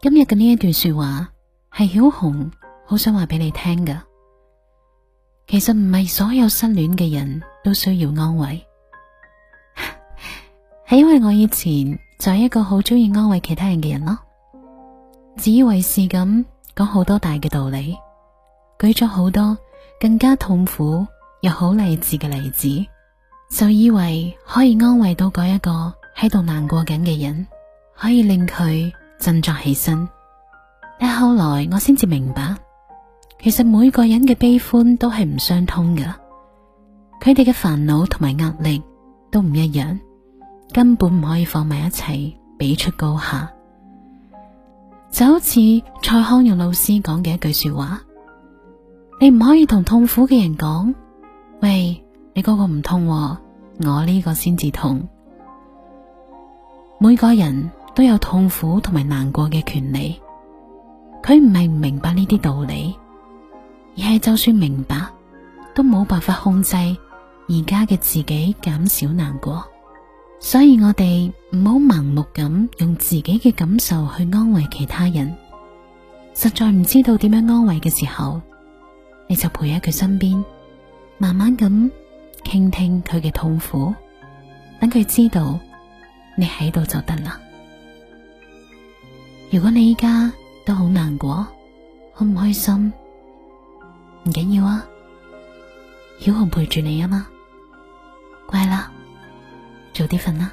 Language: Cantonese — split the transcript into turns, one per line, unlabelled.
今日嘅呢一段說話係曉紅好想話俾你聽㗎。其實唔係所有失戀嘅人都需要安慰，係 因為我以前就係一個好中意安慰其他人嘅人咯，自以為是咁講好多大嘅道理，舉咗好多更加痛苦又好勵志嘅例子，就以為可以安慰到嗰一個喺度難過緊嘅人，可以令佢。振作起身，但後來我先至明白，其實每個人嘅悲歡都係唔相通嘅，佢哋嘅煩惱同埋壓力都唔一樣，根本唔可以放埋一齊比出高下。就好似蔡康永老師講嘅一句說話：你唔可以同痛苦嘅人講，喂，你嗰個唔痛，啊，我呢個先至痛。每個人。都有痛苦同埋難過嘅權利，佢唔係唔明白呢啲道理，而係就算明白，都冇辦法控制而家嘅自己減少難過。所以我哋唔好盲目咁用自己嘅感受去安慰其他人，實在唔知道點樣安慰嘅時候，你就陪喺佢身邊，慢慢咁傾聽佢嘅痛苦，等佢知道你喺度就得啦。
如果你而家都好難過，好唔開心，唔緊要啊，小紅陪住你啊嘛，乖啦，早啲瞓啦。